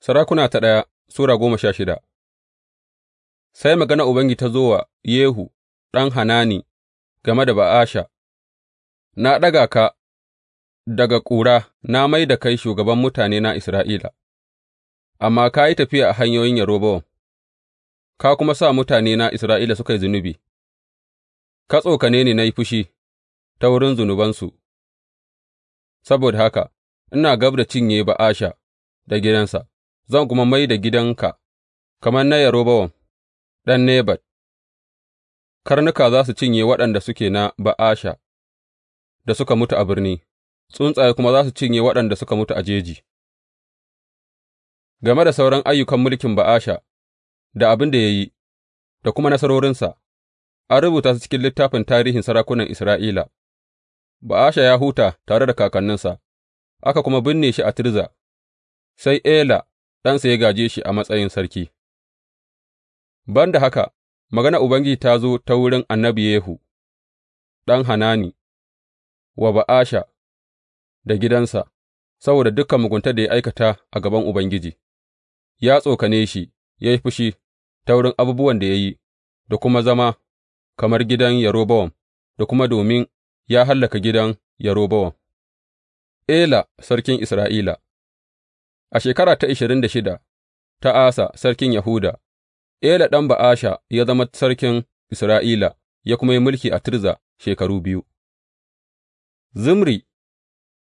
Sarakuna ta ɗaya Sura goma sha shida Sai magana Ubangiji ta zo wa Yehu ɗan Hanani game da Ba'asha, Na ɗaga ka daga ƙura na mai da kai shugaban mutane na Isra'ila, amma ka yi tafiya a hanyoyin Yerobowam, ka kuma sa mutane na Isra'ila suka yi zunubi, ka tsokane ni na yi fushi ta wurin zunubansu, saboda haka ina gab da cinye Ba'asha da gidansa. zan kuma mai da gidanka kamar na Yerobowam ɗan Nebat, karnuka za su cinye waɗanda suke na Ba'asha da suka mutu a birni, tsuntsaye kuma za su cinye waɗanda suka mutu a jeji. Game da sauran ayyukan mulkin Ba'asha da abin da ya yi, da kuma nasarorinsa, an rubuta su cikin littafin tarihin sarakunan Isra'ila. Ba'asha ya huta tare da kakanninsa, aka kuma binne shi a Tirza, sai Ela ɗansa ya gāje shi a matsayin sarki Ban da haka, maganar Ubangiji ta zo ta wurin annabi Yehu, ɗan Hanani, wa Ba'asha da gidansa, saboda dukan mugunta da ya aikata a gaban Ubangiji, ya tsokane shi, ya yi fushi ta wurin abubuwan da ya yi, da kuma zama kamar gidan Yerobowam, da kuma domin ya hallaka gidan Yerobowam. Ela sarkin Isra'ila A shekara ta ashirin da shida ta Asa sarkin Yahuda, Ela ɗan Ba'asha ya zama sarkin Isra'ila, ya kuma yi mulki a Tirza shekaru biyu. Zimri,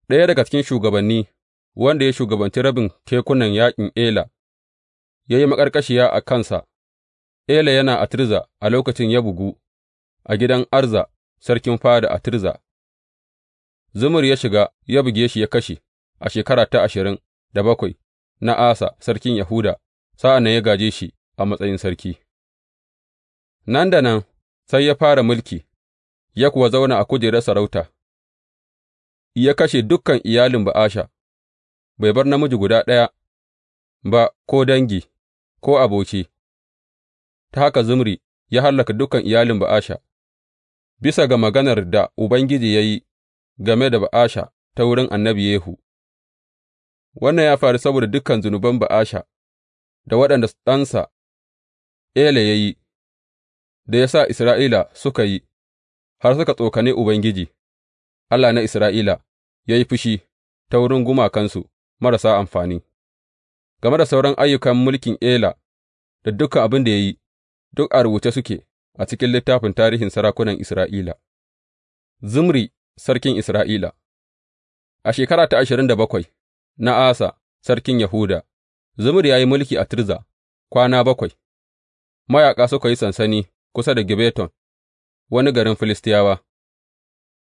ɗaya daga cikin shugabanni, wanda ya shugabanci rabin kekunan yaƙin Ela, ya yi maƙarƙashiya a kansa, Ela yana a Tirza a lokacin ya bugu a gidan Arza sarkin fada a Tirza. Zimri ya shiga ya buge shi ya kashe a shekara ta ashirin da bakwai na Asa sarkin Yahuda, sa'an nan ya gaje shi a matsayin sarki. Nan da nan sai ya fara mulki, ya kuwa zauna a kujerar sarauta, ya kashe dukkan iyalin Ba'asha, bai bar namiji guda ɗaya ba ko dangi ko aboki, ta haka zumri ya hallaka dukan iyalin Ba'asha, bisa ga maganar da Ubangiji ya yi game da Ba'asha ta wurin annabi Yehu. Wannan ya faru saboda dukan zunuban Ba'asha da waɗanda ɗansa Ela ya yi, da ya sa Isra'ila suka yi, har suka tsokane Ubangiji, Allah na Isra'ila, ya yi fushi ta wurin gumakansu marasa amfani, game da sauran ayyukan mulkin Ela da dukan abin da ya yi, duk a rubuce suke a cikin littafin tarihin sarakunan Isra'ila. Zimri sarkin Isra'ila A shekara ta ashirin da bakwai. na Asa sarkin Yahuda, Zimri ya yi mulki a Tirza kwana bakwai, mayaƙa suka yi sansani kusa da Gibeton, wani garin Filistiyawa,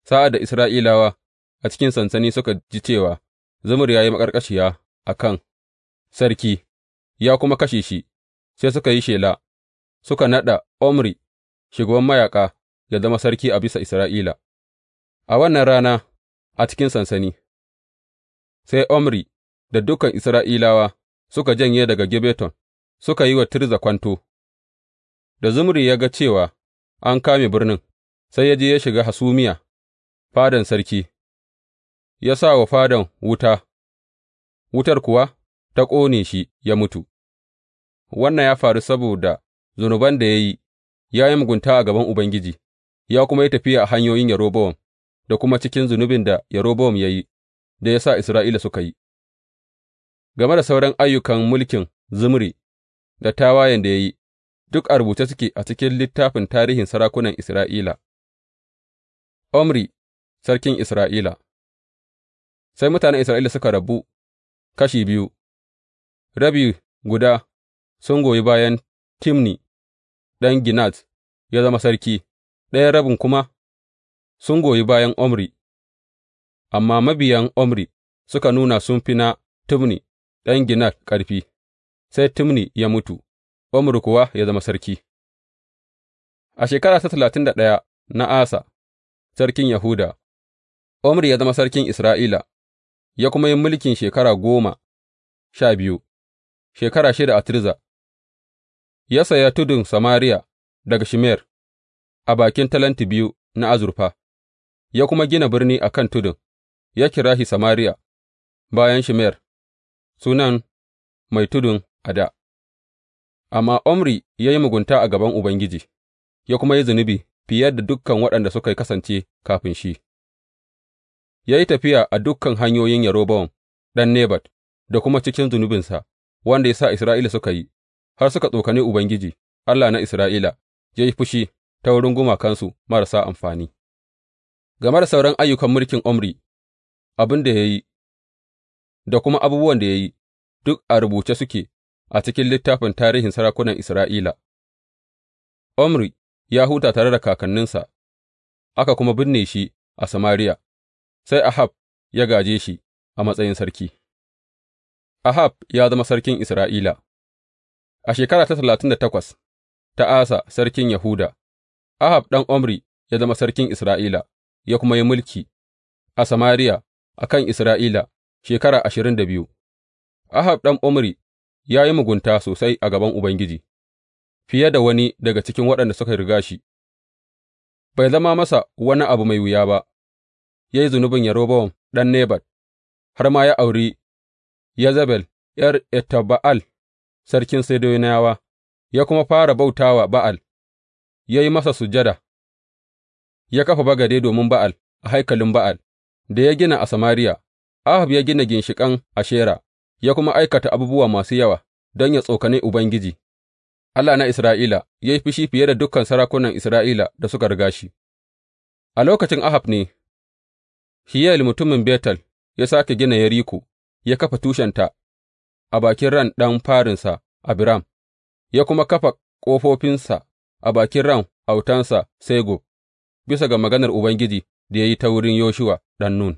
sa'ad da Isra'ilawa a cikin sansani suka ji cewa Zimri ya yi maƙarƙashiya a kan sarki, ya kuma kashe shi, sai suka yi shela, suka naɗa Omri, shugaban mayaƙa, ya zama sarki a bisa Isra'ila, a wannan rana a cikin sansani. sai Omri da dukan Isra'ilawa suka janye daga Gibbeton suka yi wa Tirza kwanto, da Zimri ya ga cewa an kame birnin, sai ya je ya shiga hasumiya fadan sarki, ya sa wa fadan wuta, wutar kuwa ta ƙone shi ya mutu. Wannan ya faru saboda zunuban da ya yi, ya yi mugunta a gaban Ubangiji, ya kuma yi tafiya a hanyoyin Yerobowam da kuma cikin zunubin da Yerobowam ya yi. da ya sa Isra'ila suka yi, game da sauran ayyukan mulkin Zimri da tawayen da ya yi, duk a rubuce suke a cikin littafin tarihin sarakunan Isra'ila. Omri, sarkin Isra'ila Sai mutanen Isra'ila suka rabu kashi biyu, rabi guda sun goyi bayan Timni ɗan Ginat ya zama sarki, ɗayan rabin kuma sun goyi bayan Omri. amma mabiyan Omri suka nuna sun fi na Tibni ɗan Ginat ƙarfi, sai Tibni ya mutu, Omri kuwa ya zama sarki. A shekara ta talatin da ɗaya na Asa, sarkin Yahuda, Omri ya zama sarkin Isra'ila, ya kuma yi mulkin shekara goma sha biyu, shekara shida a Tirza, ya saya tudun Samariya daga Shimer a bakin talenti biyu na azurfa, ya kuma gina birni a kan tudun. ya kira shi Samariya bayan Shimer, sunan mai tudun a da. Amma Omri ya yi mugunta a gaban Ubangiji, ya kuma yi zunubi fiye da dukkan waɗanda suka yi kasance kafin shi, ya yi tafiya a dukkan hanyoyin Yerobowam ɗan Nebat da kuma cikin zunubinsa, wanda ya sa Isra'ila suka yi, har suka tsokane Ubangiji, Allah na Isra'ila, ya yi fushi ta wurin gumakansu marasa amfani. Game da sauran ayyukan mulkin Omri, abin da ya yi da kuma abubuwan da ya yi, duk a rubuce suke a cikin littafin tarihin sarakunan Isra'ila. Omri ya huta tare da kakanninsa, aka kuma binne shi a Samariya, sai Ahab ya gaje shi a matsayin sarki. Ahab ya zama sarkin Isra'ila A shekara ta talatin da takwas ta Asa sarkin Yahuda, Ahab ɗan Omri ya zama sarkin Isra'ila, ya kuma yi mulki a Samariya a kan Isra'ila shekara ashirin da biyu, Ahab ɗan Omri ya yi mugunta sosai a gaban Ubangiji, fiye da wani daga cikin waɗanda suka riga shi, bai zama masa wani abu mai wuya ba, ya yi zunubin Yerobowam ɗan Nebat, har ma ya auri Yezebel ’yar Ita-Ba'al sarkin Sidoniyawa, ya kuma fara bautawa Ba'al, ya yi masa sujada, ya kafa bagade domin Ba'al a haikalin Ba'al. da ya gina a Samariya, Ahab ya gina ginshiƙan Ashera, ya kuma aikata abubuwa masu yawa don ya tsokane Ubangiji, Allah na Isra'ila, ya yi fushi fiye da dukan sarakunan Isra'ila da suka riga shi. A lokacin Ahab ne, Hiyel mutumin Betel ya sake gina Yeriko, ya kafa tushenta a bakin ran ɗan farinsa Abiram, ya kuma kafa ƙofofinsa a bakin ran autansa Sego, bisa ga maganar Ubangiji da ya yi ta wurin Yoshuwa ɗan Nun.